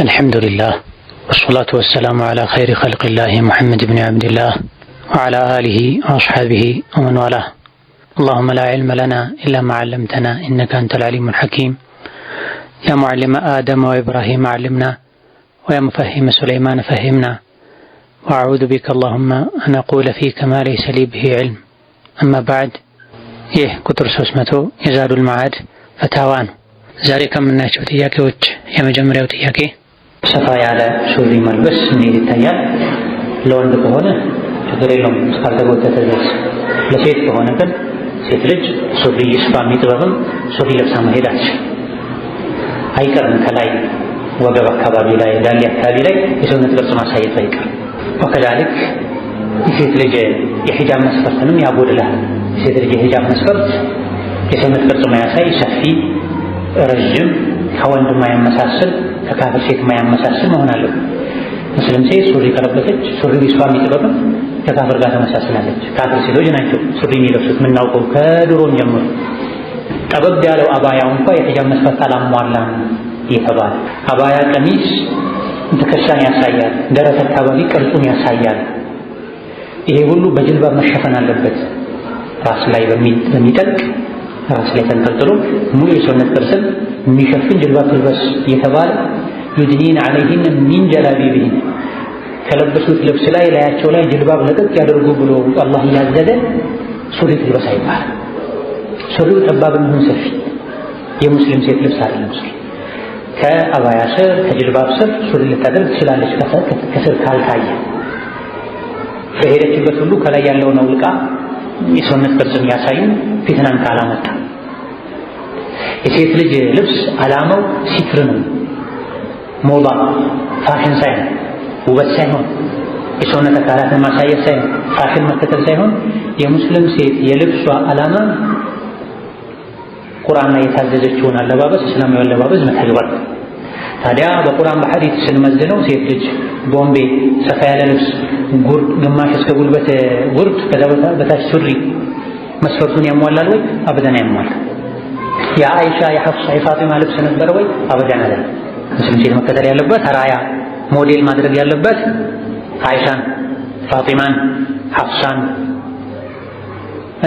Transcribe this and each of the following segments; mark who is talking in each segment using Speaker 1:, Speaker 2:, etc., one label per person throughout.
Speaker 1: الحمد لله والصلاة والسلام على خير خلق الله محمد بن عبد الله وعلى آله وأصحابه ومن والاه اللهم لا علم لنا إلا ما علمتنا إنك أنت العليم الحكيم يا معلم آدم وإبراهيم علمنا ويا مفهم سليمان فهمنا وأعوذ بك اللهم أن أقول فيك ما ليس لي به علم أما بعد ይህ ቁጥር 300 የዛዱል መዓድ ፈታዋ ነው። ዛሬ ከምናያቸው ጥያቄዎች የመጀመሪያው ጥያቄ
Speaker 2: ሰፋ ያለ ሱሪ መልበስ እንዴት ይታያል? ለወንድ ከሆነ ችግር የለውም እስካልተጎተተ ድረስ። ለሴት ከሆነ ግን ሴት ልጅ ሱሪ ይስፋ የሚጥበብም ሱሪ ለብሳ መሄድ አትችልም። አይቀርም ከላይ ወገብ አካባቢ ላይ ዳሌ አካባቢ ላይ የሰውነት ቅርጽ ማሳየት አይቀርም። ወከዛልክ የሴት ልጅ የሂጃብ መስፈርትንም ያጎድላል። የሴት ልጅ የሂጃብ መስፈርት የሰውነት ቅርጽ ማያሳይ ሰፊ፣ ረዥም ከወንድ የማያመሳስል ከካፍር ሴት የማያመሳስል መሆን አለው። ሙስሊም ሴት ሱሪ ከለበሰች ሱሪ ቢሷ የሚጥበብም ከካፍር ጋር ተመሳስላለች። ካፍር ሴቶች ናቸው ሱሪ የሚለብሱት የምናውቀው ከድሮም ጀምሮ። ጠበብ ያለው አባያው እንኳ የሒጃብ መስፈርት አላሟላ የተባለ አባያ ቀሚስ ትከሻን ያሳያል፣ ደረት አካባቢ ቅርጹን ያሳያል። ይሄ ሁሉ በጅልባብ መሸፈን አለበት። ራስ ላይ በሚጠልቅ ራስ ላይ ተንጠልጥሎ ሙሉ የሰውነት የሚሸፍን ጅልባብ ትልበስ እየተባለ ዩድኒን ዓለይህን ሚን ጀላቢቢሂን ከለበሱት ልብስ ላይ ላያቸው ላይ ጅልባብ ለቀቅ ያደርጉ ብሎ አላህ እያዘዘ ሱሪ ትልበስ አይባልም። ሱሪው ጠባብ የሚሆን ሰፊ የሙስሊም ሴት ልብስ አይደለም። ሱሪ ከአባያ ስር ከጅልባብ ስር ሱሪ ልታደርግ ትችላለች፣ ከስር ካልታየ በሄደችበት ሁሉ ከላይ ያለውን አውልቃ የሰውነት ቅርጽ የሚያሳዩ ፊትናን ካላመጣ የሴት ልጅ ልብስ ዓላማው ሲትር ነው። ሞባ ፋሽን ሳይሆን ውበት ሳይሆን የሰውነት አካላትን ማሳየት ሳይሆን ፋሽን መከተል ሳይሆን የሙስሊም ሴት የልብሷ ዓላማ ቁርአን ላይ የታዘዘችውን አለባበስ እስላማዊ አለባበስ መተግበር። ታዲያ በቁርአን በሐዲት ስንመዝነው ሴት ልጅ ቦምቤ፣ ሰፋ ያለ ልብስ፣ ጉርድ ግማሽ እስከ ጉልበት ጉርድ፣ ከዛ በታች ሱሪ መስፈርቱን ያሟላል ወይ? አበደን ያሟል። የአይሻ የሐፍሳ የፋጢማ ልብስ ነበረ ወይ? አበደን አይደለም። ሙስሊም ሴት መከተል ያለበት ራያ ሞዴል ማድረግ ያለበት አይሻን፣ ፋጢማን፣ ሐፍሳን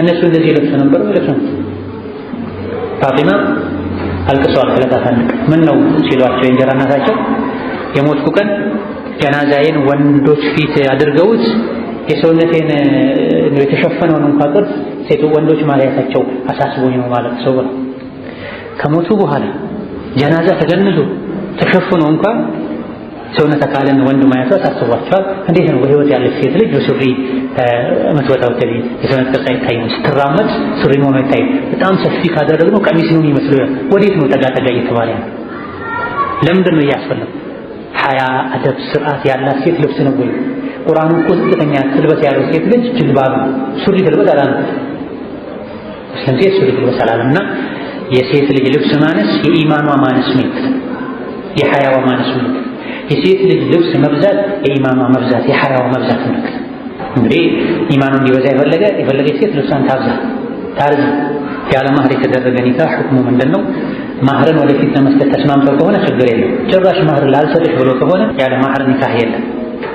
Speaker 2: እነሱ እንደዚህ ይለብሱ ነበር ነው። ፋጢማ አልቅሰዋል ስለታት ምን ነው ሲሏቸው የእንጀራ እናታቸው የሞትኩ ቀን ጀናዛዬን ወንዶች ፊት አድርገውት የሰውነቴን የተሸፈነውን እንኳ ቅርጽ ሴቱ ወንዶች ማለያታቸው አሳስቦኝ ነው ማለት ሰው ከሞቱ በኋላ ጀናዛ ተገንዞ ተሸፍኖ እንኳን ሰውነት አካልን ወንድ ማየቷ ታስቧቸዋል። እንዴት ነው በህይወት ያለች ሴት ልጅ በሱሪ መትወታው ከቤት የሰውነት ቅርጽ አይታይም። ስትራመድ ሱሪ መሆኑ አይታይም። በጣም ሰፊ ካደረግነው ቀሚስ ነው የሚመስለው። ወዴት ነው ጠጋ ጠጋ እየተባለ ነው? ለምንድን ነው እያስፈለገ ሀያ አደብ ስርዓት ያላት ሴት ልብስ ነው ወይ? ቁርአን እኮ ዝቅተኛ ትልበስ ያለው ሴት ልጅ ጅልባብ ሱሪ ትልበስ አላለም። ሙስሊም ሴት ሱሪ ትልበስ አላለም። እና የሴት ልጅ ልብስ ማነስ የኢማኗ ማነስ ነው። የሐያዋ ማነስ ምልክት፣ የሴት ልጅ ልብስ መብዛት የኢማኗ መብዛት የሐያዋ መብዛት ምልክት። እንግዲህ ኢማኑ እንዲበዛ የፈለገ የፈለገ ሴት ልብሷን ታብዛ ታርዝ። ያለ ማህር የተደረገ ኒካህ ሁክሙ ምንድን ነው? ማህርን ወደፊት ለመስጠት ተስማምተው ከሆነ ችግር የለም። ጭራሽ ማህር ላልሰጥሽ ብሎ ከሆነ ያለ ማህር ኒካህ የለም።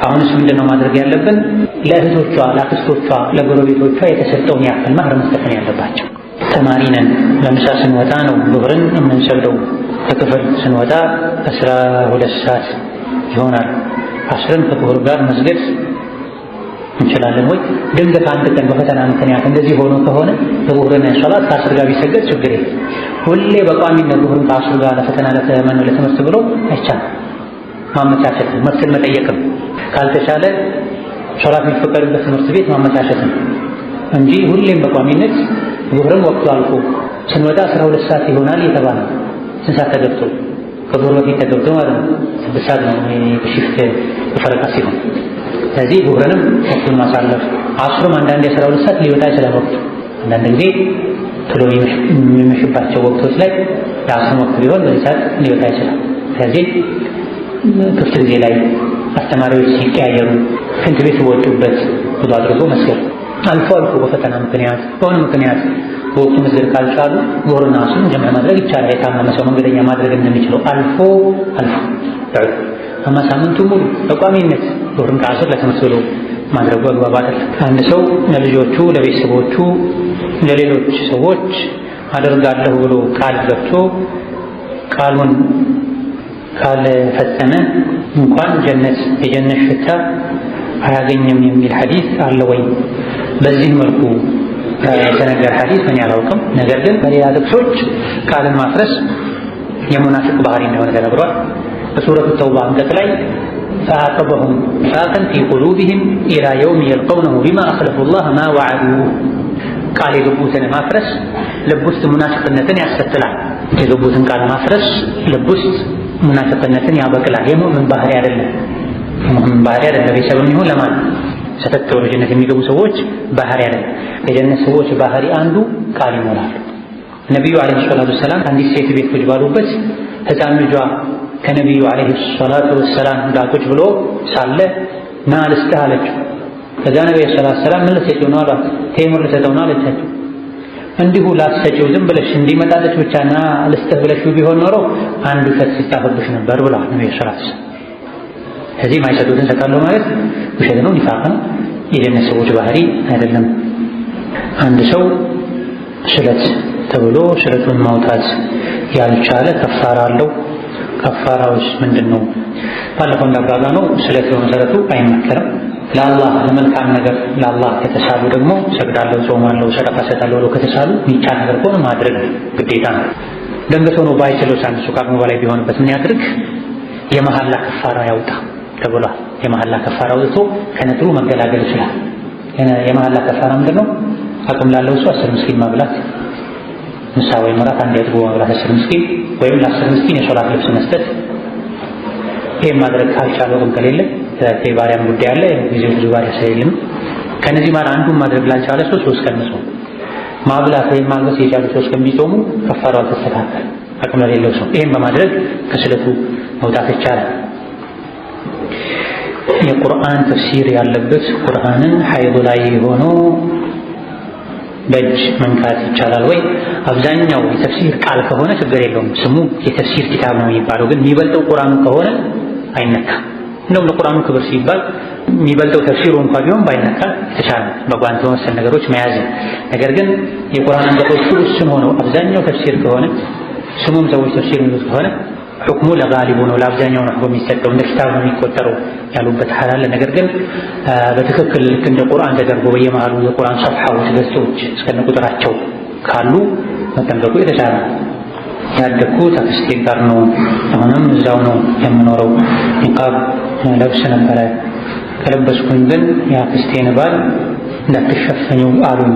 Speaker 2: አሁንስ ምንድነው ማድረግ ያለብን? ለእህቶቿ፣ ለአክስቶቿ፣ ለጎረቤቶቿ የተሰጠውን ያክል ማህር መስጠት ያለባቸው። ተማሪ ነን፣ ለምሳ ስንወጣ ነው ግብርን የምንሰግደው ከክፍል ስንወጣ አስራ ሁለት ሰዓት ይሆናል። አስርን ከቁር ጋር መስገድ እንችላለን ወይ? ድንገት አንድ ቀን በፈተና ምክንያት እንደዚህ ሆኖ ከሆነ ዙሁርን ሶላት ከአስር ጋር ቢሰገድ ችግር የለም። ሁሌ በቋሚነት ዙሁርን ከአስር ጋር ለፈተና ለተመኑ ለትምህርት ብሎ አይቻልም። ማመቻቸት መፍትል መጠየቅም ካልተቻለ ሶላት የሚፈቀድበት ትምህርት ቤት ማመቻቸት ነው እንጂ ሁሌም በቋሚነት ዙሁርን ወቅቱ አልፎ ስንወጣ አስራ ሁለት ሰዓት ይሆናል የተባለ ስንሳት ተገብቶ ከዙር በፊት ተገብቶ ማለት ነው። ስድስት ሰዓት ነው ሽፍት ፈረቃ ሲሆን፣ ስለዚህ ዙህርንም ወቅቱን ማሳለፍ አስሩም አንዳንዴ አስራ ሁለት ሰዓት ሊወጣ ይችላል ወቅቱ። አንዳንድ ጊዜ ቶሎ የሚመሽባቸው ወቅቶች ላይ የአስሩም ወቅት ቢሆን በዚህ ሰዓት ሊወጣ ይችላል። ስለዚህ ክፍት ጊዜ ላይ አስተማሪዎች ሲቀያየሩ፣ ሽንት ቤት ወጡበት ብዙ አድርጎ መስገድ አልፎ አልፎ በፈተና ምክንያት በሆነ ምክንያት በወቅቱ መስገድ ካልቻሉ ዙህርና ሱን ጀምዕ ማድረግ ይቻላል። የታመመ ሰው መንገደኛ ማድረግ እንደሚችለው አልፎ አልፎ አማ ሳምንቱ ሙሉ በቋሚነት ዙህርን ከዓስር ለትምህርት ብሎ ማድረጉ አግባብ አይደለም። አንድ ሰው ለልጆቹ፣ ለቤተሰቦቹ፣ ለሌሎች ሰዎች አደርጋለሁ ብሎ ቃል ገብቶ ቃሉን ካልፈጸመ እንኳን ጀነት የጀነት ሽታ አያገኝም የሚል ሐዲስ አለ ወይ? በዚህ መልኩ የተነገረ ሐዲስ እኔ አላውቅም። ነገር ግን በሌላ ጥቅሶች ቃልን ማፍረስ የሙናፊቅ ባህሪ እንደሆነ ተነግሯል። በሱረቱ ተውባ አንቀጽ ላይ ፈአቀበሁም ኒፋቀን ፊ ቁሉብህም ኢላ የውም የልቀውነሁ ቢማ አኽለፉላህ ማ ወዐዱ። ቃል የገቡትን ማፍረስ ልብ ውስጥ ሙናፊቅነትን ያስከትላል። የገቡትን ቃል ማፍረስ ልብ ውስጥ ሙናፊቅነትን ያበቅላል። የሙእምን ባህሪ አይደለም። ሙእምን ባህሪ አይደለም። ቤተሰብም ይሁን ለማን ሰተት ብለው ጀነት የሚገቡ ሰዎች ባህሪ አለ። የጀነት ሰዎች ባህሪ አንዱ ቃል ይሞላሉ። ነቢዩ ዓለይሂ ሰላቱ ወሰላም አንዲት ሴት ቤት ቁጭ ባሉበት ሕፃን ልጇ ከነቢዩ ዓለይሂ ሰላቱ ወሰላም ጋር ቁጭ ብሎ ሳለ ና ልስጥህ አለችው። ከዛ ነቢዩ ሰላቱ ሰላም ምን ልትሰጪው ነው አሏት። ቴምር ልትሰጠው ነው አለቻቸው። እንዲሁ ላትሰጪው ዝም ብለሽ እንዲመጣለች ብቻ ና ልስጥህ ብለሽው ቢሆን ኖሮ አንዱ ውሸት ሲጣፍብሽ ነበር ብለዋል ነቢዩ ሰላቱ ሰላም። እዚህ ማይሰጡትን ሰጣለሁ ማለት ውሸት ነው፣ ኒፋቅ ነው። የጀነት ሰዎች ባህሪ አይደለም። አንድ ሰው ስለት ተብሎ ስለቱን ማውጣት ያልቻለ ከፋራ አለው። ከፋራውስ ምንድን ነው? ባለፈው እንዳብራራ ነው። ስለት በመሰረቱ አይመከርም። ለአላህ ለመልካም ነገር ለአላህ ከተሳሉ ደግሞ ሰግዳለሁ፣ ጾማለሁ፣ ሰደቃ ሰጣለሁ ብለው ከተሳሉ የሚቻል ነገር ከሆነ ማድረግ ግዴታ ነው። ደንገት ሆኖ ባይችለው አንድ ሰው ከአቅሙ በላይ ቢሆንበት ምን ያድርግ? የመሐላ ከፋራ ያውጣ። ተብሏል። የመሐላ ከፋራ ወጥቶ ከነጥሩ መገላገል ይችላል። የመሐላ ከፋራ ምንድን ነው? አቅም ላለው ሰው አስር ምስኪን መብላት፣ ምሳ ወይም እራት አንድ ያጥቦ መብላት አስር ምስኪን ወይም ለአስር ምስኪን የሶላት ልብስ መስጠት። ይህም ማድረግ ካልቻለ አቅም ከሌለ የባሪያም ጉዳይ አለ። ጊዜው ብዙ ባሪያ ስለሌለም ከነዚህ ማለት አንዱን ማድረግ ላልቻለ ሰው ሶስት ቀን ጾም ማብላት ወይም ማልበስ የቻሉ ሰዎች ከሚጾሙ ከፋራው አልተስተካከል አቅም ለሌለው ሰው ይህም በማድረግ ከስለቱ መውጣት ይቻላል። የቁርአን ተፍሲር ያለበት ቁርአንን ሐይድ ላይ ሆኖ በእጅ መንካት ይቻላል ወይ? አብዛኛው የተፍሲር ቃል ከሆነ ችግር የለውም። ስሙ የተፍሲር ኪታብ ነው የሚባለው። ግን የሚበልጠው ቁርአኑ ከሆነ አይነካም። እንደውም ለቁርአኑ ክብር ሲባል የሚበልጠው ተፍሲሩ እንኳ ቢሆን ባይነካ የተቻለ በጓንት መሰል ነገሮች መያዝ። ነገር ግን የቁርአን አንቀጾች ሁሉ ስም ሆነው አብዛኛው ተፍሲር ከሆነ ስሙም ሰዎች ተፍሲር የሚሉት ከሆነ ሁክሙ ለጋሊቡ ነው ለአብዛኛው ነው የሚሰጠው እንደ ኪታብ ነው የሚቆጠረው ያሉበት አለ ነገር ግን በትክክል ልክ እንደ ቁርአን ተደርጎ በየመሃሉ የቁርአን ሰፍሐዎች፣ ገጾች እስከነ ቁጥራቸው ካሉ መጠንቀቁ የተሻለ ያደግኩት አክስቴ ጋር ነው። አሁንም እዛው ነው የምኖረው። ኒቃብ ለብስ ነበረ ከለበስኩኝ ግን የአክስቴን ባል እንዳትሸፈኝው አሉኝ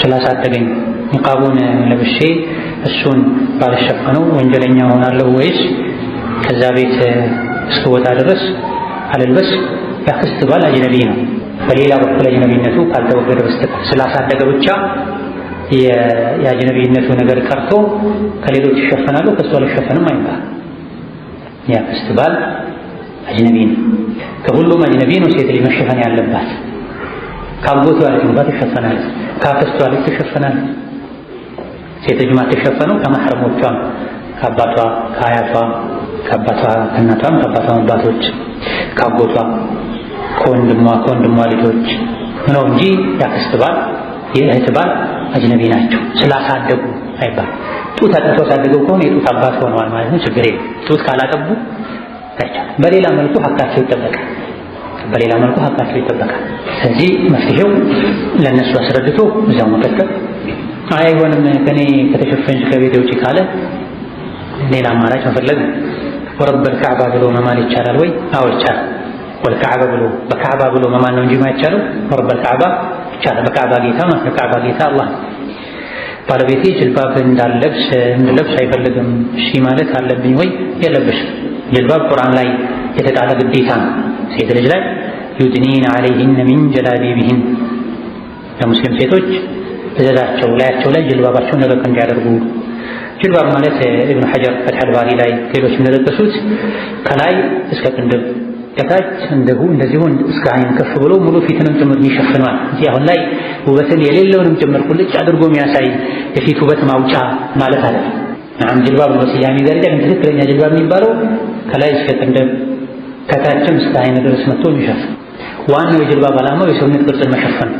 Speaker 2: ስላሳደገኝ ኒቃቡን ለብሼ እሱን ባልሸፈነው ወንጀለኛ ሆናለሁ ወይስ ከዛ ቤት እስክወጣ ድረስ አልልበስ? ያክስት ባል አጅነቢ ነው። በሌላ በኩል አጅነቢነቱ ካልተወገደ በስተቀር ስላሳደገ ብቻ የአጅነቢነቱ ነገር ቀርቶ ከሌሎች ይሸፈናሉ፣ ከእሱ አልሸፈንም አይባል። ያክስት ባል አጅነቢ ነው። ከሁሉም አጅነቢ ነው ሴት ልጅ መሸፈን ያለባት። ካጎቷ ልጅ እንኳ ትሸፈናለች፣ ካክስቷ ልጅ ትሸፈናለች። ሴቶች የማትሸፈነው ከማህረሞቿም ከአባቷ ከአያቷ ከአባቷ ከእናቷም ከአባቷም አባቶች ከአጎቷ ከወንድሟ ከወንድሟ ልጆች ነው እንጂ ያክስት ባል የእህት ባል አጅነቢ ናቸው ስላሳደጉ አይባል። ጡት አጥቶ ያሳደገው ከሆነ የጡት አባት ሆነዋል ማለት ነው። ችግር የለም። ጡት ካላጠቡ አይቻልም። በሌላ መልኩ ሀቃቸው ይጠበቃል። በሌላ መልኩ ሀቃቸው ይጠበቃል። ስለዚህ መፍትሄው ለእነሱ አስረድቶ እዚያው መቀጠል አይሆንም ከኔ ከተሸፈንሽ ከቤት ውጪ ካለ ሌላ አማራጭ መፈለግ ወረበል ካዕባ ብሎ መማል ይቻላል ወይ? አዎ ይቻላል። ወልካዕባ ብሎ በካዕባ ብሎ መማል ነው እንጂ የማይቻለው ወረበል ካዕባ ይቻላል። በካዕባ ጌታ ማለት ነው። ካዕባ ጌታ አላህ ባለቤቴ ጅልባብ እንዳለብስ እንድለብስ አይፈልግም። እሺ ማለት አለብኝ ወይ? የለብሽ ጅልባብ ቁርአን ላይ የተጣለ ግዴታ ነው። ሴት ልጅ ላይ ዩድኒን አለይሂን ሚን ጀላቢብህን ለሙስሊም ሴቶች እዘዛቸው ላያቸው ላይ ጅልባባቸውን ለቀቅ እንዲያደርጉ። ጅልባብ ማለት እብኑ ሐጀር ፈትሐልባሪ ላይ ሌሎች የሚለበሱት ከላይ እስከ ቅንድብ ከታች እንደሁ እንደዚሁ እስከ አይን ከፍ ብሎ ሙሉ ፊትንም ጭምር ይሸፍኗል። እዚህ አሁን ላይ ውበትን የሌለውንም ጭምር ቁልጭ አድርጎ የሚያሳይ የፊት ውበት ማውጫ ማለት አለ። ናም ጅልባብ በስያሜ ደረጃ ግን ትክክለኛ ጅልባብ የሚባለው ከላይ እስከ ቅንድብ ከታችም እስከ አይን ድረስ መጥቶ የሚሸፍን ዋናው የጅልባብ ዓላማው የሰውነት ቅርጽን መሸፈን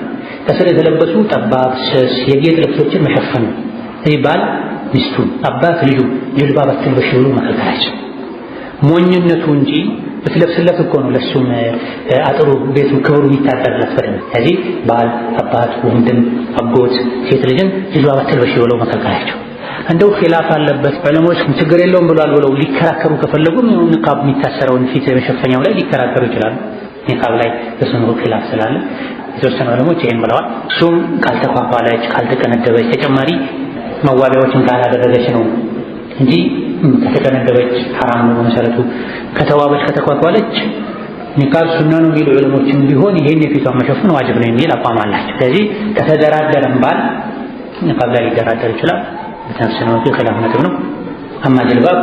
Speaker 2: ከስር የተለበሱ ጠባብ ስስ የጌጥ ልብሶችን መሸፈኑ ይህ ባል ሚስቱን አባት ልጁ ጅልባብ አትልበሽ ብሎ መከልከላቸው ሞኝነቱ እንጂ ብትለብስለት እኮ ነው ለሱም አጥሩ ቤቱ ክብሩ የሚታጠርለት በደንብ ስለዚህ ባል አባት ወንድም አጎት ሴት ልጅን ጅልባብ አትልበሽ ብለው መከልከላቸው እንደው ኺላፍ አለበት ዑለሞች ችግር የለውም ብሏል ብለው ሊከራከሩ ከፈለጉ ኒቃብ የሚታሰረውን ፊት መሸፈኛው ላይ ሊከራከሩ ይችላሉ ኒቃብ ላይ በስኑ ኺላፍ ስላለ የተወሰኑ ዓለሞች ይህን ብለዋል። እሱም ካልተኳኳለች፣ ካልተቀነደበች ተጨማሪ መዋቢያዎችን ካላደረገች ነው እንጂ ከተቀነደበች ሐራም ነው በመሰረቱ። ከተዋበች፣ ከተኳኳለች ኒቃብ ሱና ነው የሚሉ ዕለሞችም ቢሆን ይሄን የፊቷን መሸፈን ዋጅብ ነው የሚል አቋም አላቸው። ስለዚህ ከተደራደረም ባል ኒቃብ ጋር ሊደራደር ይችላል። በተወሰነ መልኩ ኺላፍ ነጥብ ነው። አማ ጅልባብ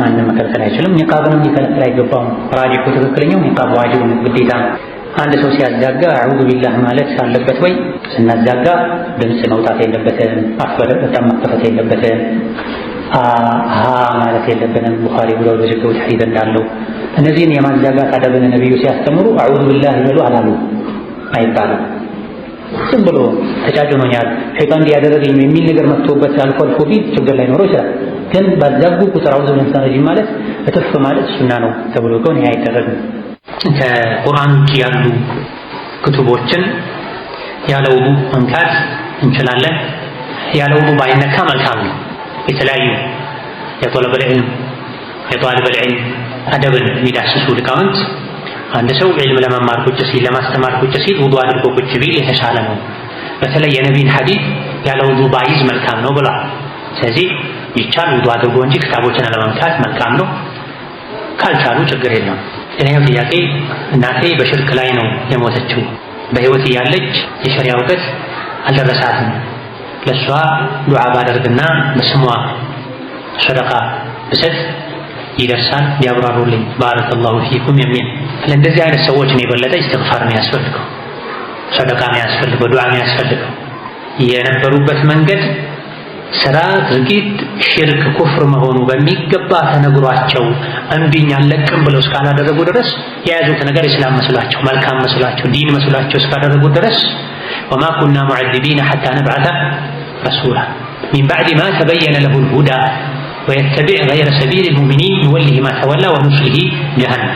Speaker 2: ማንም መከልከል አይችልም። ኒቃብንም ሊከለከል አይገባውም። ራዲሁ ትክክለኛው ኒቃብ ዋጅብ ነው ግዴታ ነው። አንድ ሰው ሲያዛጋ አዑዙ ቢላህ ማለት አለበት ወይ? ስናዛጋ ድምፅ መውጣት የለበትም። አፍ በጣም መከፈት የለበትም። አሀ ማለት የለብንም። ቡኻሪ ብለው በዘገቡት ሐዲስ እንዳለው እነዚህን የማዛጋት አደብን ነቢዩ ሲያስተምሩ አዑዙ ቢላህ ይበሉ አላሉ አይባልም። ዝም ብሎ ተጫጭኖኛል ሸይጣን እንዲያደረገኝ የሚል ነገር መጥቶበት አልፎ አልፎ ቢል ችግር ላይኖረው ይችላል። ግን ባዛጉ ቁጥር አዑዙ ቢላህ ማለት እትፍ ማለት ሱና ነው ተብሎ ከሆነ ይህ አይደረግም። ከቁርአን ውጭ ያሉ ክቱቦችን ያለ ውዱ መንካት እንችላለን። ያለ ውዱ ባይነካ መልካም ነው። የተለያዩ የጦለበል ዒልም የጧልበል ዒልም አደብን የሚዳስሱ ሊቃውንት አንድ ሰው ዒልም ለመማር ቁጭ ሲል ለማስተማር ቁጭ ሲል ውዱ አድርጎ ቁጭ ቢል የተሻለ ነው። በተለይ የነቢን ሐዲስ ያለ ውዱ ባይዝ መልካም ነው ብሏል። ስለዚህ ይቻል ውዱ አድርጎ እንጂ ክታቦችን አለመምታት መልካም ነው። ካልቻሉ ችግር የለም። ሌላኛው ጥያቄ እናቴ በሽርክ ላይ ነው የሞተችው። በህይወት እያለች የሸሪያ እውቀት አልደረሳትም። ለእሷ ዱዓ ባደርግና በስሟ ሰደቃ ብሰጥ ይደርሳል ቢያብራሩልኝ። ባረከላሁ ፊኩም የሚል ለእንደዚህ አይነት ሰዎች ነው የበለጠ እስትግፋር ነው ያስፈልገው፣ ሰደቃ ነው ያስፈልገው፣ ዱዓ ነው ያስፈልገው። የነበሩበት መንገድ ስራ ድርጊት ሽርክ ኩፍር መሆኑ በሚገባ ተነግሯቸው እምቢኝ አለቅም ብለው እስካላደረጉ ድረስ የያዙት ነገር ኢስላም መስሏቸው መልካም መስሏቸው ዲን መስሏቸው እስካደረጉ ድረስ ወማ ኩና ሙዐዚቢነ ሐታ ነብዐተ ረሱላ ሚን ባዕድ ማ ተበየነ ለሁል ሁዳ ወየተቢዕ ገይረ ሰቢሊል ሙእሚኒን ኑወሊሂ ማ ተወላ ወኑስሊሂ ጀሃነም።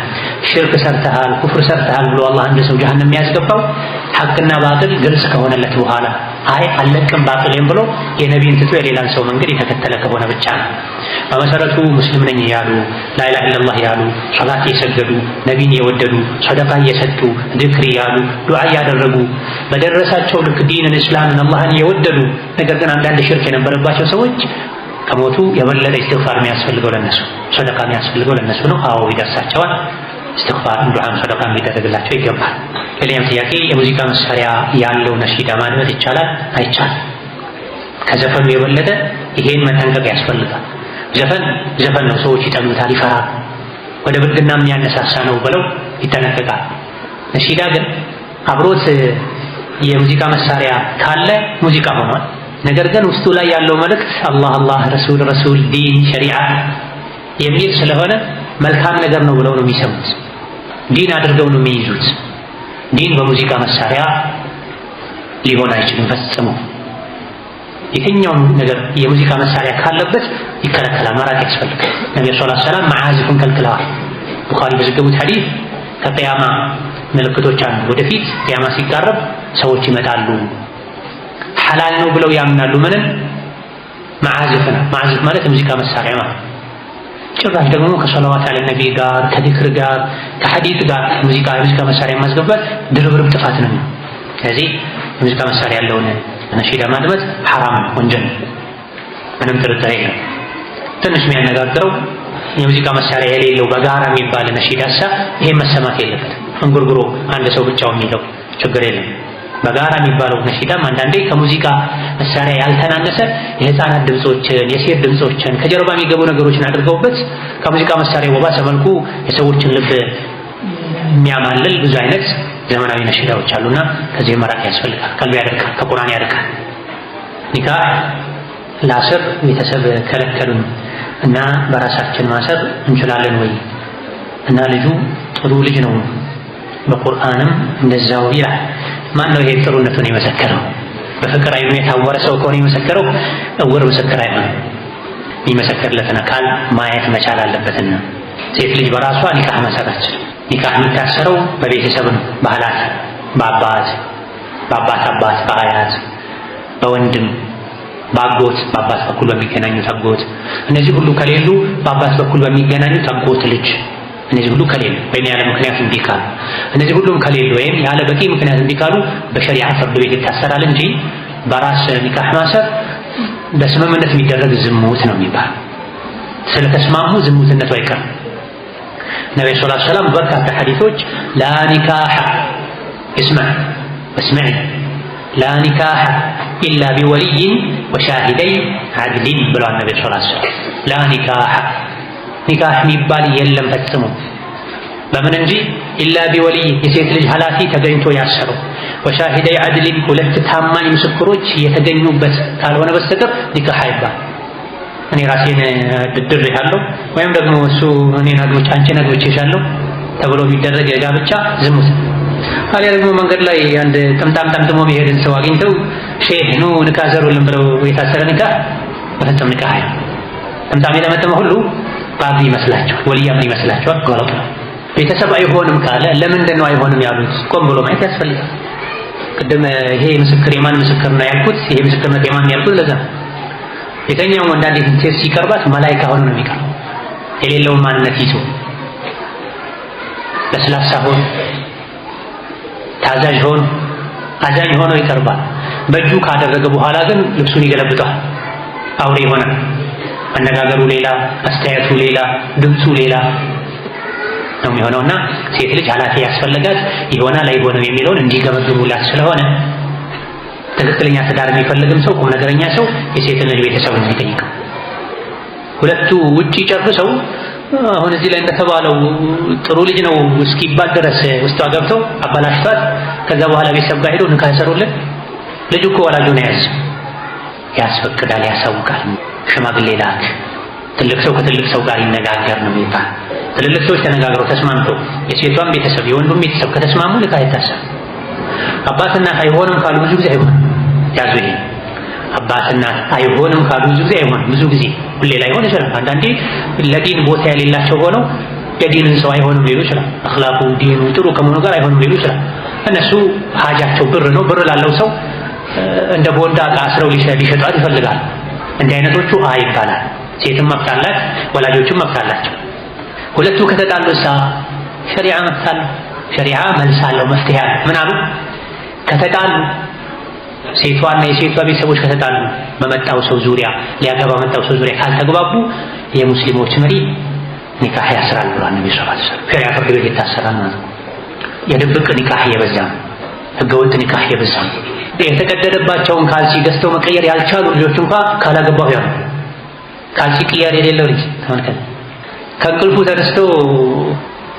Speaker 2: ሽርክ ሰርተሃል፣ ኩፍር ሰርተሃል ብሎ አላህ አንድ ሰው ጀሃነም የሚያስገባው ሐቅና ባጥል ግልጽ ከሆነለት በኋላ አይ አለቅም ባጥሌም ብሎ የነቢን ትቶ የሌላን ሰው መንገድ የተከተለ ከሆነ ብቻ ነው። በመሰረቱ ሙስሊም ነኝ ያሉ ላኢላሃ ኢለላህ ያሉ ሶላት እየሰገዱ ነቢን የወደዱ ሰደቃ እየሰጡ ዚክር ያሉ ዱዓ እያደረጉ በደረሳቸው ልክ ዲንን እስላምን አላህን የወደዱ ነገር ግን አንዳንድ ሽርክ የነበረባቸው ሰዎች ከሞቱ የበለጠ ኢስቲግፋር የሚያስፈልገው ለነሱ፣ ሰደቃ የሚያስፈልገው ለነሱ ነው። አዎ ይደርሳቸዋል። እስትግፋርን፣ ዱዓን፣ ሰደቃ የሚደረግላቸው ይገባል። ሌላኛው ጥያቄ የሙዚቃ መሳሪያ ያለው ነሺዳ ማድመጥ ይቻላል አይቻልም? ከዘፈኑ የበለጠ ይሄን መጠንቀቅ ያስፈልጋል። ዘፈን ዘፈን ነው፣ ሰዎች ይጠሉታል፣ ይፈራል፣ ወደ ብልግና የሚያነሳሳ ነው ብለው ይጠነቀቃል። ነሺዳ ግን አብሮት የሙዚቃ መሳሪያ ካለ ሙዚቃ ሆኗል። ነገር ግን ውስጡ ላይ ያለው መልእክት አላህ አላህ፣ ረሱል ረሱል፣ ዲን ሸሪዓ የሚል ስለሆነ መልካም ነገር ነው ብለው ነው የሚሰሙት። ዲን አድርገው ነው የሚይዙት። ዲን በሙዚቃ መሳሪያ ሊሆን አይችልም ፈጽሞ። የትኛውም ነገር የሙዚቃ መሳሪያ ካለበት ይከለከላል፣ ማራቅ ያስፈልጋል። ነብዩ ሰለላሁ ዐለይሂ ወሰለም ከልክለዋል። ቡኻሪ በዘገቡት ሐዲስ ከቅያማ ምልክቶች አሉ። ወደፊት ቅያማ ሲቃረብ ሰዎች ይመጣሉ። ሐላል ነው ብለው ያምናሉ። ምንን? መዓዝፍን፣ መዓዝፍ ማለት የሙዚቃ መሳሪያ ማለት ጭራሽ ደግሞ ከሰለዋት አለ ነቢ ጋር ከዚክር ጋር ከሐዲት ጋር ሙዚቃ የሙዚቃ መሳሪያ ማስገባት ድርብርብ ጥፋት ነው። ስለዚህ የሙዚቃ መሳሪያ ያለውን ነሺዳ ማድመጥ ሐራም ወንጀል፣ ምንም ጥርጥር የለም። ትንሽ የሚያነጋግረው የሙዚቃ መሳሪያ የሌለው በጋራ የሚባል ነሺዳ ሳ ይሄ መሰማት የለበትም። እንጉርጉሮ አንድ ሰው ብቻው የሚለው ችግር የለም። በጋራ የሚባለው ነሺዳም አንዳንዴ ከሙዚቃ መሳሪያ ያልተናነሰ የህፃናት ድምፆችን፣ የሴት ድምፆችን ከጀርባ የሚገቡ ነገሮችን አድርገውበት ከሙዚቃ መሳሪያ በባሰ መልኩ የሰዎችን ልብ የሚያማልል ብዙ አይነት ዘመናዊ ነሺዳዎች አሉና ከዚህ መራቅ ያስፈልጋል። ቀልብ ያደርጋል፣ ከቁርአን ያደርጋል። ኒካህ ላስር ቤተሰብ ከለከሉኝ እና በራሳችን ማሰር እንችላለን ወይ እና ልጁ ጥሩ ልጅ ነው በቁርአንም እንደዛው ይላል ማን ነው ይሄ ጥሩነቱን የመሰከረው? በፍቅር አይኑ የታወረ ሰው ከሆነ የመሰከረው እውር ምስክር አይሆንም። የሚመሰክርለትን አካል ማየት መቻል አለበትና ሴት ልጅ በራሷ ኒካህ መሰረች። ኒካህ የሚታሰረው በቤተሰብ ነው። ባህላት በአባት በአባት አባት በአያት በወንድም በአጎት በአባት በኩል በሚገናኙት አጎት እነዚህ ሁሉ ከሌሉ በአባት በኩል በሚገናኙት አጎት ልጅ እነዚህ ሁሉ ከሌሉ ወይም ያለ ምክንያት እምቢ ካሉ እነዚህ ሁሉም ከሌሉ ወይም ያለ በቂ ምክንያት እምቢ ካሉ በሸሪዓ ፍርድ ቤት ይታሰራል እንጂ በራስ ኒካህ ማሰር በስምምነት የሚደረግ ዝሙት ነው የሚባል ስለተስማሙ ዝሙትነቱ አይቀርም። ነቢዩ ሰለላሁ ዐለይሂ ወሰለም በርካታ ሐዲሶች ላ ኒካህ እስማዕ ወስምዒ ላ ኒካህ ኢላ ቢወልይን ወሻሂደይ ዓድሊን ብለዋል። ነቢዩ ሰለላሁ ዐለይሂ ወሰለም ላ ኒካህ ኒካህ የሚባል የለም ፈጽሞ። በምን እንጂ ኢላ ቢወልይ የሴት ልጅ ኃላፊ ተገኝቶ ያሰረው ወሻሂደይ አድሊን ሁለት ታማኝ ምስክሮች የተገኙበት ካልሆነ በስተቀር ኒካህ አይባል። እኔ ራሴን ድድር ያለው ወይም ደግሞ እሱ እኔን አግብቼ አንቺን አግብቼሻለሁ ተብሎ የሚደረግ የጋብቻ ዝሙት፣ አሊያ ደግሞ መንገድ ላይ አንድ ጥምጣም ጠምጥሞ የሚሄድን ሰው አግኝተው ሼህ ኑ ንካህ ዘሩልን ብለው የታሰረ ንካህ በፍጹም ንካህ ጥምጣም የጠመጠመ ሁሉ ባብ ይመስላችኋል፣ ወልያም አብድ ይመስላችኋል። ቤተሰብ አይሆንም ካለ ለምንድን ነው አይሆንም ያሉት? ቆም ብሎ ማየት ያስፈልጋል። ቅድም ይሄ ምስክር የማን ምስክር ነው ያልኩት፣ ይሄ ምስክርነት የማን ያልኩት ለዛ ነው። የተኛው ወንድ ሴት ሲቀርባት መላኢካ ሆኖ ነው የሚቀርበው። የሌለውን ማንነት ይዞ ለስላሳ ሆኖ ታዛዥ ሆኖ አዛኝ ሆኖ ይቀርባል። በእጁ ካደረገ በኋላ ግን ልብሱን ይገለብጠዋል፣ አውሬ ይሆናል። አነጋገሩ ሌላ፣ አስተያየቱ ሌላ፣ ድምፁ ሌላ ነው የሚሆነውና ሴት ልጅ ኃላፊ ያስፈልጋት ይሆናል አይሆንም የሚለውን እንዲገመግሙላት ስለሆነ ትክክለኛ ትዳር የሚፈልግም ሰው ቁም ነገረኛ ሰው የሴትን ልጅ ቤተሰብ ነው የሚጠይቀው። ሁለቱ ውጪ ጨርሰው አሁን እዚህ ላይ እንደተባለው ጥሩ ልጅ ነው እስኪባል ድረስ ውስጧ ገብተው አባላሽቷት ከዛ በኋላ ቤተሰብ ጋር ሄዶ ንካ ያሰሩልን ልጅ እኮ ወላጁ ነው ያስፈቅዳል፣ ያሳውቃል። ሽማግሌ ላክ፣ ትልቅ ሰው ከትልቅ ሰው ጋር ይነጋገር ነው የሚባል። ትልልቅ ሰዎች ተነጋግረው ተስማምተው የሴቷን ቤተሰብ የወንዱም ቤተሰብ ከተስማሙ ልክ አይታሰብም። አባት እናት አይሆንም ካሉ ብዙ ጊዜ አይሆን ያዙ ይሄ አባት እናት አይሆንም ካሉ ብዙ ጊዜ አይሆን፣ ብዙ ጊዜ ሁሌ ላይሆን ይችላል። አንዳንዴ ለዲን ቦታ የሌላቸው ሆነው የዲንን ሰው አይሆንም ሊሉ ይችላል። አኽላቁ ዲኑ ጥሩ ከመሆኑ ጋር አይሆንም ሊሉ ይችላል። እነሱ ሀጃቸው ብር ነው። ብር ላለው ሰው እንደ ቦንዳ ዕቃ አስረው ሊሸጧት ይፈልጋል። እንዲህ አይነቶቹ አይ ይባላል። ሴትም መብት አላት፣ ወላጆችም መብት አላቸው። ሁለቱ ከተጣሉ እሳ ሸሪዓ መብት አለው፣ ሸሪዓ መልስ አለው፣ መፍትሄ አለው። ምን አሉ? ከተጣሉ ሴቷና የሴቷ ቤተሰቦች ከተጣሉ በመጣው ሰው ዙሪያ ሊያገባ መጣው ሰው ዙሪያ ካልተግባቡ የሙስሊሞች መሪ ኒካህ ያስራል ብሏል ነብዩ ሰለላሁ ዐለይሂ ወሰለም። ሸሪዓ ፍርድ ቤት ይታሰራል ማለት ነው። የድብቅ ኒካህ የበዛ ህገወጥ ኒካህ የበዛ የተቀደደባቸውን ካልሲ ገዝተው መቀየር ያልቻሉ ልጆች እንኳ ካላገባሁ ያሉ ካልሲ ቅያር የሌለው ልጅ ተመልከት። ከእንቅልፉ ተነስቶ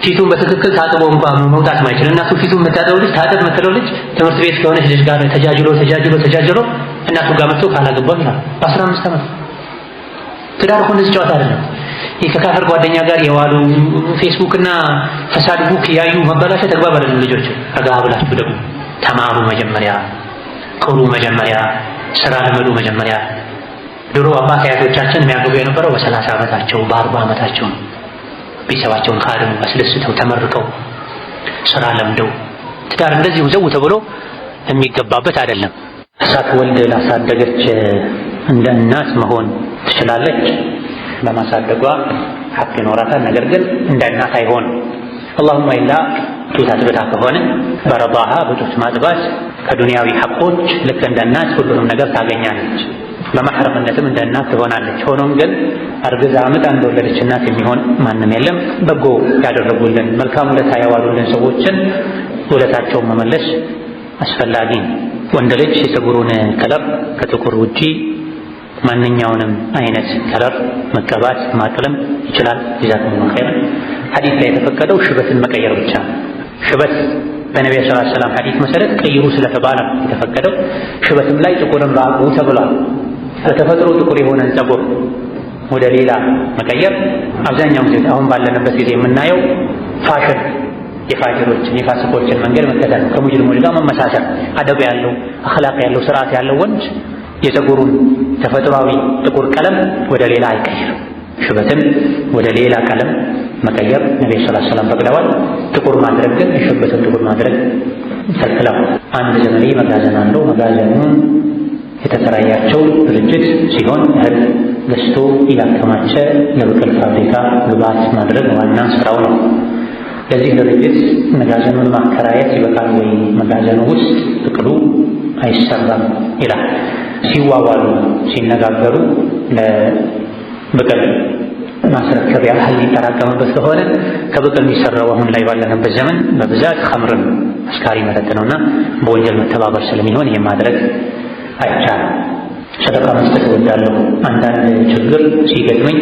Speaker 2: ፊቱን በትክክል ታጥቦ እንኳን መውጣት ማይችል እናቱ ፊቱን የምታጠበው ልጅ ታጠብ የምትለው ልጅ ትምህርት ቤት ከሆነች ልጅ ጋር ተጃጅሎ ተጃጅሎ ተጃጅሎ እናቱ ጋር መጥቶ ካላገባሁ ይላል። በአስራ አምስት ዓመት ትዳር እኮ እንደዚህ ጨዋታ አይደለም። ይህ ከካፈር ጓደኛ ጋር የዋሉ ፌስቡክ እና ፈሳድ ቡክ ያዩ መበላሸት አግባብ አይደለም። ልጆች አጋ ብላችሁ ደግሞ ተማሩ መጀመሪያ ቅሩ መጀመሪያ ስራ ልመዱ መጀመሪያ። ድሮ አባት አያቶቻችን የሚያገቡ የነበረው በሰላሳ ዓመታቸው በአርባ ዓመታቸው ቤተሰባቸውን ካድሙ አስደስተው ተመርቀው ስራ ለምደው ትዳር እንደዚሁ ዘው ተብሎ የሚገባበት አይደለም። ሳትወልድ ላሳደገች እንደ እናት መሆን ትችላለች። በማሳደጓ ሀቅ ይኖራታል። ነገር ግን እንደ እናት አይሆን አላሁማ ኢላ ጡት አጥብታ ከሆነ በረባሃ በጡት ማጥባት ከዱንያዊ ሐቆች ልክ እንደ እናት ሁሉንም ነገር ታገኛለች። በማሕረምነትም እንደ እናት ትሆናለች። ሆኖም ግን አርግዛ አምጣ እንደወለደች እናት የሚሆን ማንም የለም። በጎ ያደረጉልን መልካም ውለታ ያዋሉልን ሰዎችን ውለታቸውን መመለስ አስፈላጊ ነው። ወንድ ልጅ የፀጉሩን ከለር ከጥቁር ውጪ ማንኛውንም አይነት ከለር መቀባት ማቅለም ይችላል። ጀዛኩሙላሁ ኸይረን። ሐዲስ ላይ የተፈቀደው ሽበትን መቀየር ብቻ ነው። ሽበት በነቢ ሰለላሁ ዐለይሂ ወሰለም ሐዲስ መሰረት ቀይሩ ስለተባለ የተፈቀደው። ሽበትም ላይ ጥቁርን ራቁ ተብሏል። በተፈጥሮ ጥቁር የሆነን ፀጉር ወደ ሌላ መቀየር አብዛኛውን ጊዜ አሁን ባለንበት ጊዜ የምናየው ፋሽን የፋጅሮችን የፋሲቆችን መንገድ መከተል ነው። ከሙጅሪሞች ጋር መመሳሰል አደብ ያለው አኽላቅ ያለው ስርዓት ያለው ወንድ የፀጉሩን ተፈጥሯዊ ጥቁር ቀለም ወደ ሌላ አይቀይርም። ሽበትን ወደ ሌላ ቀለም መቀየር ነብይ ሰለላሁ ዐለይሂ ፈቅደዋል። ጥቁር ማድረግ ግን ሽበትን ጥቁር ማድረግ ከልክለዋል። አንድ ዘመሪ መጋዘን አለው። መጋዘኑን የተከራያቸው ድርጅት ሲሆን እህል ገዝቶ እያከማቸ ለብቅል ፋብሪካ ግብዓት ማድረግ ዋና ስራው ነው። ለዚህ ድርጅት መጋዘኑን ማከራየት ይበቃል ወይ? መጋዘኑ ውስጥ ብቅሉ አይሰራም ይላል። ሲዋዋሉ ሲነጋገሩ ለብቅል ማስረከብ ያህል ሊጠራቀምበት ከሆነ ከብቅል የሚሰራው አሁን ላይ ባለንበት ዘመን በብዛት ኸምርን አስካሪ መጠጥ ነውና በወንጀል መተባበር ስለሚሆን ይህን ማድረግ አይቻልም። ሰደቃ መስጠት እወዳለሁ። አንዳንድ ችግር ሲገጥመኝ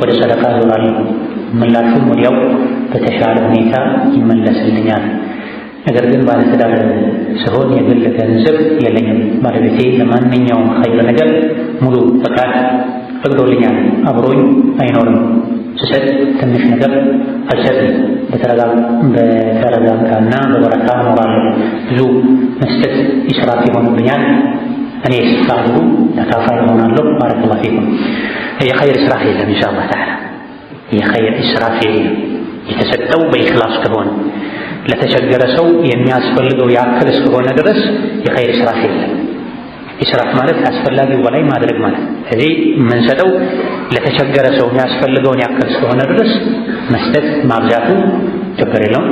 Speaker 2: ወደ ሰደቃ እዞራለሁ። ምላሹም ወዲያው በተሻለ ሁኔታ ይመለስልኛል። ነገር ግን ባለትዳር ስሆን የግል ገንዘብ የለኝም። ባለቤቴ ለማንኛውም ኸይር ነገር ሙሉ ፈቃድ ፈቅዶልኛል፣ አብሮኝ አይኖርም። ስሰጥ ትንሽ ነገር አልሰጥም። በተረጋጋና በበረካ እኖራለሁ። ብዙ መስጠት ኢስራፍ ይሆንብኛል። እኔ ስሳሉ ተካፋይ እሆናለሁ። ባረከላሁ ፊኩም። የኸይር ኢስራፍ የለም ኢንሻአላህ ተዓላ የኸይር ኢስራፍ የለም። የተሰጠው በኢክላስ ከሆነ ለተቸገረ ሰው የሚያስፈልገው ያክል እስከሆነ ድረስ የኸይር ኢስራፍ የለም። ኢስራፍ ማለት አስፈላጊው በላይ ማድረግ ማለት እዚህ የምንሰጠው ለተቸገረ ሰው የሚያስፈልገውን ያክል ስለሆነ ድረስ መስጠት ማብዛቱ ችግር የለውም።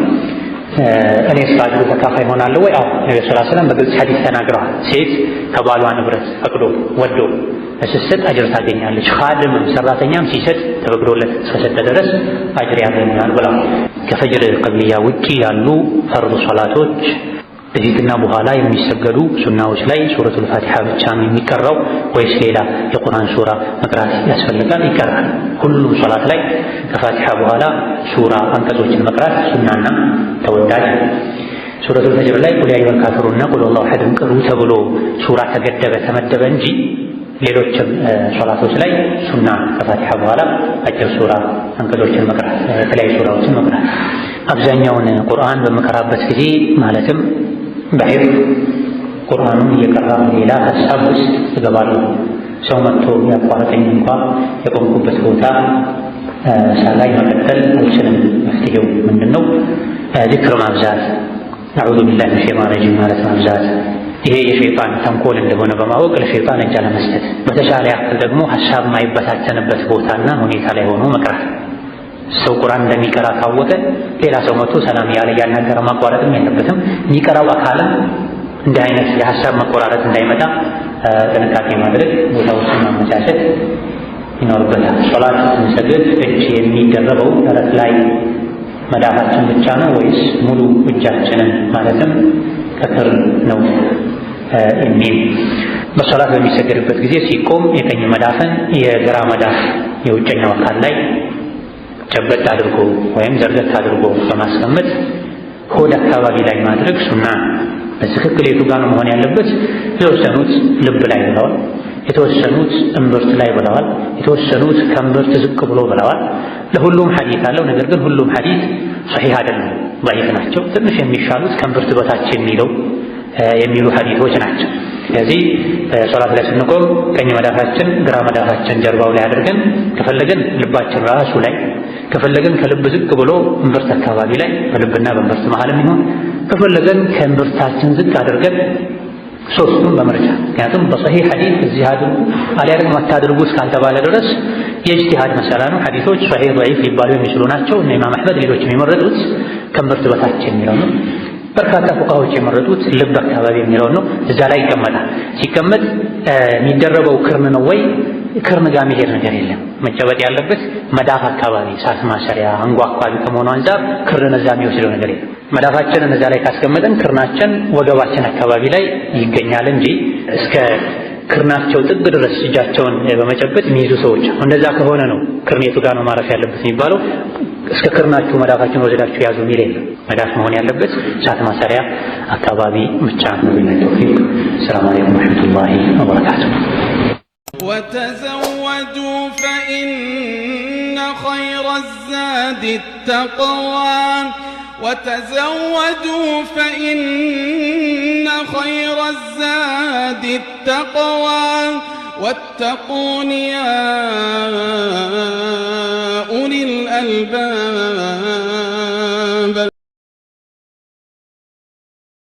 Speaker 2: እኔ ስራ አጅሩ ተካፋይ ሆናለሁ ወይ? አዎ ነብዩ ሰለላሁ ዐለይሂ ወሰለም በግልጽ ሐዲስ ተናግረዋል። ሴት ከባሏ ንብረት ፈቅዶ ወዶ ስትሰጥ አጅር ታገኛለች። ኻድምም ሰራተኛም ሲሰጥ ተፈቅዶለት እስከሰጠ ድረስ አጅር ያገኛል ብላ ከፈጅር ቅብልያ ውጪ ያሉ ፈርድ ሶላቶች በፊትና በኋላ የሚሰገዱ ሱናዎች ላይ ሱረቱል ፋቲሓ ብቻ ነው የሚቀራው ወይስ ሌላ የቁርአን ሱራ መቅራት ያስፈልጋል? ይቀራል። ሁሉም ሶላት ላይ ከፋቲሓ በኋላ ሱራ አንቀጾችን መቅራት ሱናና ተወዳጅ። ሱረቱል ፈጅር ላይ ቁል ያ አዩሀል ቁል ሁወ አሐድ ቅሩ ተብሎ ሱራ ተገደበ ተመደበ እንጂ ሌሎችም ሶላቶች ላይ ሱና ከፋቲሓ በኋላ አጭር ሱራ አንቀጾችን መቅራት፣ የተለያዩ ሱራዎችን መቅራት አብዛኛውን ቁርአን በምቀራበት ጊዜ ማለትም በሕፍዝ ቁርአኑን እየቀራ ሌላ ሀሳብ ውስጥ እገባለሁ። ሰው መጥቶ ያቋረጠኝ እንኳ የቆምኩበት ቦታ ሳላይ መቀጠል አልችልም። መፍትሄው ምንድን ነው? ዚክር ማብዛት፣ አዑዙ ቢላሂ ሚነ ረጂም ማለት ማብዛት። ይሄ የሸይጣን ተንኮል እንደሆነ በማወቅ ለሸይጣን እጅ አለመስጠት፣ በተቻለ ያክል ደግሞ ሀሳብ ማይበታተንበት ቦታና ሁኔታ ላይ ሆኖ መቅራት ሰው ቁርአን እንደሚቀራ ካወቀ ሌላ ሰው መጥቶ ሰላም ያለ ያናገረ ማቋረጥም የለበትም። የሚቀራው አካልም እንዲህ አይነት የሀሳብ መቆራረጥ እንዳይመጣ ጥንቃቄ ማድረግ ቦታዎችን ማመቻቸት ይኖርበታል። ሶላት ስንሰግድ እጅ የሚደረበው ደረት ላይ መዳፋችን ብቻ ነው ወይስ ሙሉ እጃችንን ማለትም ከስር ነው የሚል በሶላት በሚሰገድበት ጊዜ ሲቆም የቀኝ መዳፍን የግራ መዳፍ የውጨኛው አካል ላይ ጨበጥ አድርጎ ወይም ዘርገት አድርጎ በማስቀመጥ ሆድ አካባቢ ላይ ማድረግ ሱና በትክክል የቱ ጋር ነው መሆን ያለበት? የተወሰኑት ልብ ላይ ብለዋል፣ የተወሰኑት እምብርት ላይ ብለዋል፣ የተወሰኑት ከእምብርት ዝቅ ብሎ ብለዋል። ለሁሉም ሐዲት አለው። ነገር ግን ሁሉም ሐዲት ሶሒህ አይደለም፣ ባይፍ ናቸው። ትንሽ የሚሻሉት ከእምብርት በታች የሚለው የሚሉ ሐዲቶች ናቸው። ስለዚህ ሶላት ላይ ስንቆም ቀኝ መዳፋችን ግራ መዳፋችን ጀርባው ላይ አድርገን ከፈለገን ልባችን ራሱ ላይ ከፈለገን ከልብ ዝቅ ብሎ እምብርት አካባቢ ላይ በልብና በእምብርት መሀልም ይሁን ከፈለገን ከእምብርታችን ዝቅ አድርገን ሶስቱም በምርጫ ምክንያቱም በሰሒህ ሐዲስ እዚህ አድርጉ አሊያ ደግሞ አታድርጉ እስካልተባለ ድረስ የእጅቲሃድ መሰላ ነው። ሐዲሶች ሰሒህ፣ ደዒፍ ሊባሉ የሚችሉ ናቸው። እነ ኢማም አሕመድ ሌሎች የሚመረጡት ከእምብርት በታች የሚለው ነው። በርካታ ፉቃዎች የመረጡት ልብ አካባቢ የሚለው ነው። እዛ ላይ ይቀመጣል። ሲቀመጥ የሚደረገው ክርን ነው ወይ? ክርን ጋር መሄድ ነገር የለም። መጨበጥ ያለበት መዳፍ አካባቢ፣ ሳት ማሰሪያ፣ አንጓ አካባቢ ከመሆኑ አንጻር ክርን እዛ የሚወስደው ነገር የለም። መዳፋችንን እዛ ላይ ካስቀመጠን ክርናችን ወገባችን አካባቢ ላይ ይገኛል እንጂ እስከ ክርናቸው ጥግ ድረስ እጃቸውን በመጨበጥ የሚይዙ ሰዎች እንደዛ ከሆነ ነው ክርኔቱ ጋር ነው ማረፍ ያለበት የሚባለው። እስከ ክርናችሁ መዳፋችን ወስዳችሁ ያዙ የሚል የለም። መዳፍ መሆን ያለበት እሳት ማሰሪያ አካባቢ ብቻ ነው። ተውፊቅ። ሰላም አለይኩም ወረሕመቱላሂ ወበረካቱሁ። ወተዘወዱ ፈኢነ ኸይረ ዛዲ ተቅዋ وتزودوا فإن خير الزاد التقوى واتقون يا أولي الألباب